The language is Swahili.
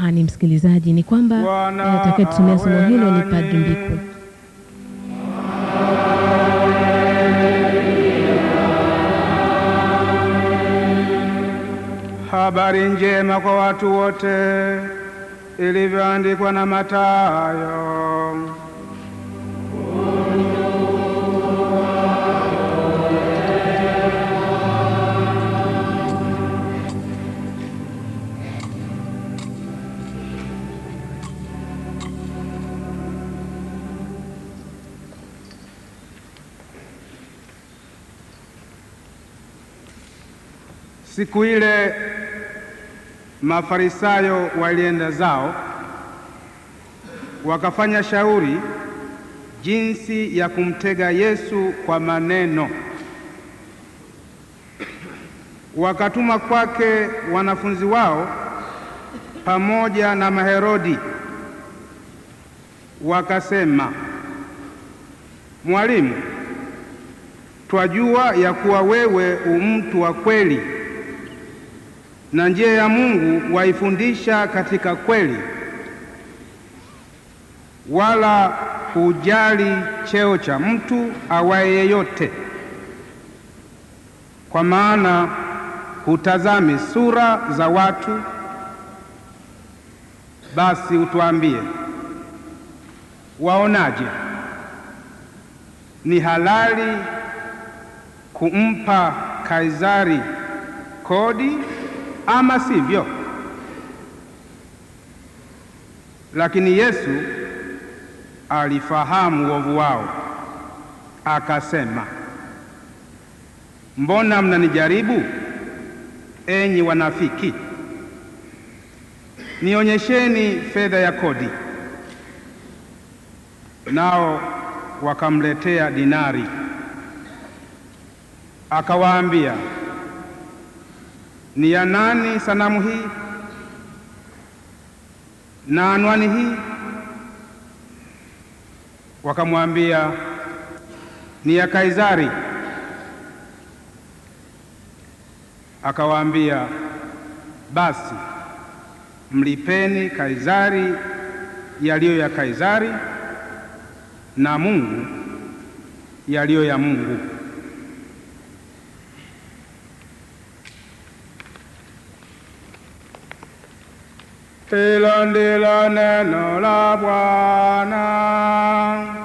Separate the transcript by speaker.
Speaker 1: Hani msikilizaji, ni kwamba eh, atakayetutumia somo hilo ni Padri Mbiku.
Speaker 2: Habari njema kwa watu wote ilivyoandikwa na Mathayo. Siku ile Mafarisayo walienda zao wakafanya shauri jinsi ya kumtega Yesu kwa maneno. Wakatuma kwake wanafunzi wao pamoja na Maherodi, wakasema, Mwalimu, twajua ya kuwa wewe umtu wa kweli na njia ya Mungu waifundisha katika kweli, wala hujali cheo cha mtu awaye yeyote, kwa maana hutazami sura za watu. Basi utuambie, waonaje? Ni halali kumpa Kaisari kodi ama sivyo. Lakini Yesu alifahamu uovu wao, akasema, mbona mnanijaribu enyi wanafiki? Nionyesheni fedha ya kodi. Nao wakamletea dinari, akawaambia ni ya nani sanamu hii na anwani hii? Wakamwambia, ni ya Kaisari. Akawaambia, basi mlipeni Kaisari yaliyo ya Kaisari na Mungu yaliyo ya Mungu. Ilondilonenolabwana